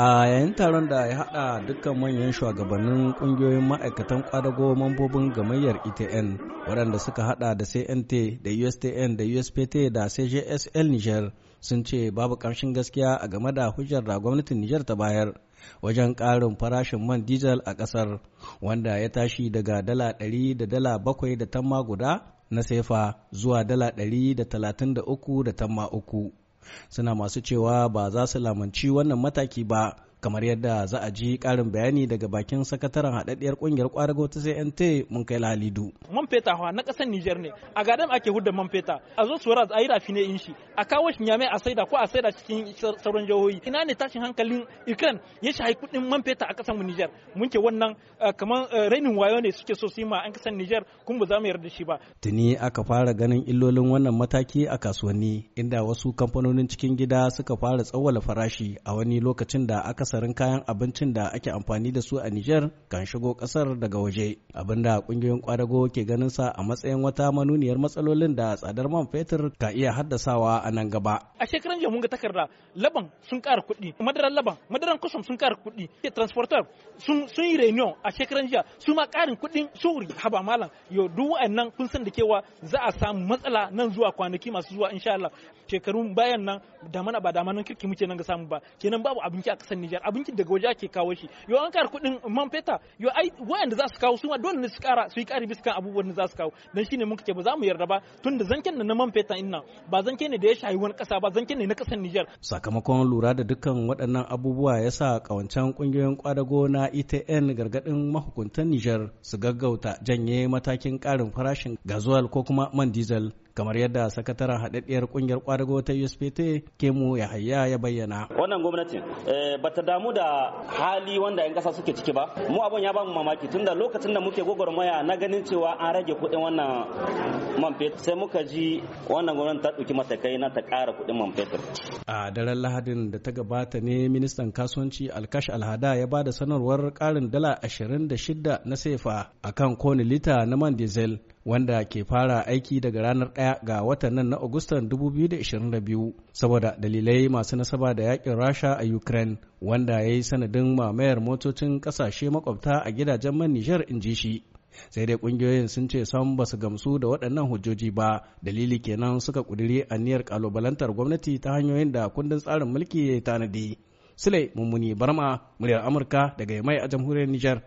a yayin taron da ya hada dukkan manyan shugabannin kungiyoyin ma'aikatan kwadago mambobin gamayyar etn waɗanda suka hada da cnt da ustn da uspt da cjsl niger sun ce babu ƙarshen gaskiya a game da hujjar da gwamnatin niger ta bayar wajen ƙarin farashin man diesel a ƙasar wanda ya tashi daga dala ɗari da dala bakwai da tamma guda na sefa zuwa dala da da talatin uku da tamma uku. suna masu cewa ba za su lamanci wannan mataki ba kamar yadda za a ji karin bayani daga bakin sakataren haɗaɗɗiyar ƙungiyar ƙwarago ta CNT mun kai lalidu. Man feta hawa na ƙasar Nijar ne a gadan ake hudda man feta a zo suwaraz a yi rafine in shi a kawo shi nyame a saida ko a saida cikin sauran jihohi ina ne tashin hankalin Ukraine ya shahi kuɗin man feta a ƙasar mu Nijar mun ke wannan eh, kamar eh, rainin wayo ne suke so su yi ma an ƙasar Nijar kun ba za mu yarda shi ba. Tuni aka fara ganin illolin wannan mataki a kasuwanni inda wasu kamfanonin cikin gida suka fara tsawwala farashi a wani lokacin da aka akasarin kayan abincin da ake amfani da su a Nijar kan shigo kasar daga waje, abinda kungiyoyin kwadago ke ganin sa a matsayin wata manuniyar matsalolin da tsadar man fetur ka iya haddasawa a nan gaba. A shekaran jiya mun ga takarda laban sun ƙara kuɗi, madaran laban, madaran kusum sun ƙara kuɗi, transporter sun sun yi reunion a shekaran jiya su ma ƙarin kuɗin suri haba malam yo duk wa'annan kun san da kewa za a samu matsala nan zuwa kwanaki masu zuwa insha Allah shekarun bayan nan da mana ba da manan kirki muke nan ga samu ba kenan babu abinci a ƙasar Nijar biyar abincin daga waje ake kawo shi yo an kar kudin man feta yo ai wayanda za su kawo su ma dole ne su kara su yi kari biskan abubuwan da za su kawo dan shine mun kace ba za mu yarda ba tun da zancen na man feta inna ba zanke ne da ya shayi wani ƙasa ba zanken ne na kasar Niger sakamakon lura da dukkan waɗannan abubuwa yasa kawancan kungiyoyin kwadago na ETN gargadin mahukuntan Niger su gaggauta janye matakin karin farashin gazuwal ko kuma man diesel kamar yadda sakataren haɗaɗɗiyar ƙungiyar ƙwadago ta USPT Kemu Yahaya ya bayyana. Wannan gwamnatin eh, ta damu da hali wanda 'yan ƙasa suke ciki ba. Mu abun ya ba mu mamaki tunda lokacin da muke gwagwarmaya na ganin cewa an rage kuɗin wannan man fetur sai muka ji wannan gwamnati ta ɗauki matakai na ta kara kuɗin man fetur. A daren Lahadin da ta gabata ne ministan kasuwanci Alkash Alhada ya ba da sanarwar ƙarin dala 26 na sefa akan kone lita na man diesel wanda ke fara aiki daga ranar ɗaya ga watan nan na Agustan 2022 saboda dalilai masu nasaba da yakin Rasha a Ukraine wanda ya yi sanadin mamayar motocin kasashe makwabta a gidajen man Nijar in ji shi. Sai dai kungiyoyin sun ce san ba su gamsu da waɗannan hujjoji ba, dalili kenan suka ƙudiri aniyar ƙalubalantar gwamnati ta hanyoyin da kundin tsarin mulki ya tanadi. Sule Mummuni Barma, muryar Amurka daga Yamai a jamhuriyar Nijar.